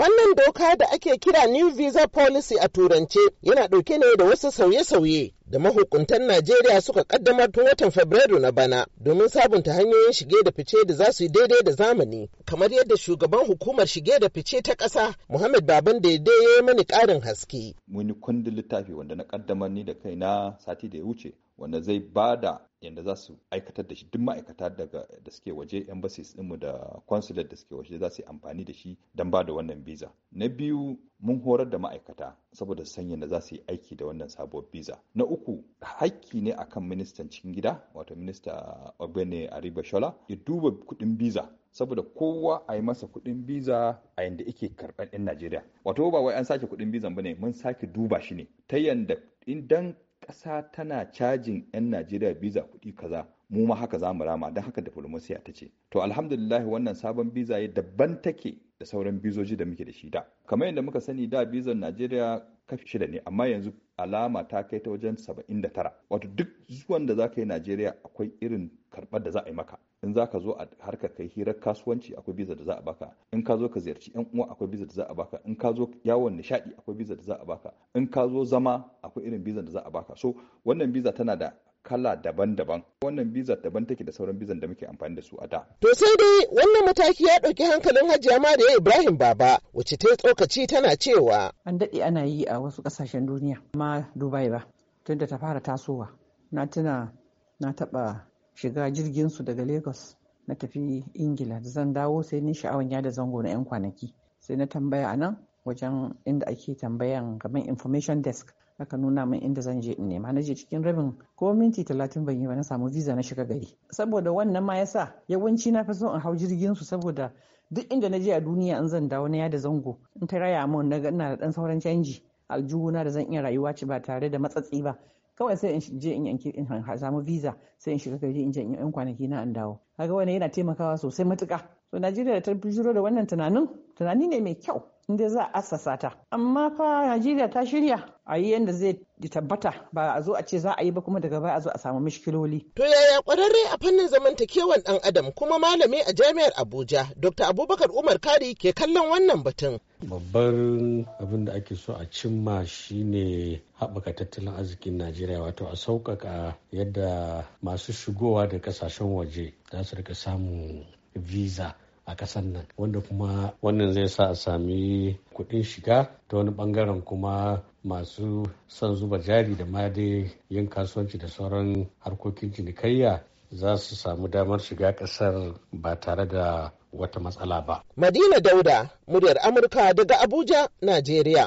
Wannan doka da ake kira New Visa Policy a turance yana ɗauke ne da wasu sauye-sauye da mahukuntan Najeriya suka kaddamar tun watan Fabrairu na bana domin sabunta hanyoyin shige da fice da za su yi daidai da zamani. Kamar yadda shugaban hukumar shige da fice ta ƙasa Muhammad Baban Daidai ya yi mani ƙarin haske. Wani kundin littafi wanda na kaddamar ni da kaina sati da ya wuce wanda zai ba da Yanda za su aikatar da shi duk ma'aikata daga da suke waje embassies ɗinmu da consulate da suke waje za su yi amfani da shi don ba da wannan visa na biyu mun horar da ma'aikata saboda su san yadda za su yi aiki da wannan sabuwar visa na uku hakki ne a kan ministan cikin gida wato minista ogbeni aribashola ya duba kuɗin visa saboda kowa a yi masa kuɗin biza a yadda ake karɓar 'yan Najeriya. Wato ba wai an sake kuɗin bizan ba ne mun sake duba shi ne ta yadda idan ƙasa tana cajin 'yan Najeriya biza kuɗi kaza mu ma haka zamu rama don haka diflomasiya ta ce. To alhamdulillah wannan sabon biza bizaye daban take da sauran bizoji da muke da shi da. Kamar yadda muka sani da bizar Najeriya kashi shida ne amma yanzu alama ta kai ta wajen 79 wato duk zuwan da za ka yi najeriya akwai irin karɓar da za a yi maka in za ka zo a harkar kai hirar kasuwanci akwai biza da za a baka in ka zo ka ziyarci yan uwa akwai biza da za a baka in ka zo yawon nishaɗi, akwai biza da za a baka in ka zo zama akwai irin biza da za a baka so wannan biza tana da kala daban-daban wannan bizar daban take da sauran bizan da muke amfani da su a da. To sai dai wannan mataki ya ɗauki hankalin Hajiya ya Ibrahim Baba wacce ta tsokaci tana cewa. An daɗe ana yi a wasu ƙasashen duniya ma Dubai ba tunda ta fara tasowa. Na tuna na taɓa shiga jirgin su daga Lagos na tafi Ingila da zan dawo sai ni sha'awan da zango na 'yan kwanaki. Sai na tambaya a nan wajen inda ake tambayan kamar information desk aka nuna min inda zan je in nema na je cikin rabin ko minti talatin ban yi ba na samu visa na shiga gari saboda wannan ma yasa yawanci na fi so in hau jirgin su saboda duk inda na je a duniya in zan dawo na yada zango in ta raya mun na ina da dan sauran canji aljuna da zan iya rayuwa ci ba tare da matsatsi ba kawai sai in je in yanki in samu visa sai in shiga gari in je in yan kwanaki na an dawo kaga wannan yana taimakawa sosai matuka to Najeriya ta bijiro da wannan tunanin tunani ne mai kyau inda za a asasa ta amma fa najeriya ta shirya a yi yadda zai tabbata ba a zo a ce za a yi ba kuma daga baya a zo a samu mishkiloli. To yaya kwararre a fannin zamantakewan dan adam kuma malami a jami'ar Abuja Dr. Abubakar Umar Kari ke kallon wannan batun. Babbar abin da ake so a cimma shine haɓaka tattalin arzikin Najeriya wato a sauƙaƙa yadda masu shigowa da ƙasashen waje za su rika samun visa a ƙasar nan wanda kuma wannan zai sa a sami kuɗin shiga ta wani ɓangaren kuma masu son zuba jari da ma dai yin kasuwanci da sauran harkokin cinikayya za su samu damar shiga ƙasar ba tare da wata matsala ba. Madina Dauda, muryar Amurka daga Abuja, Najeriya.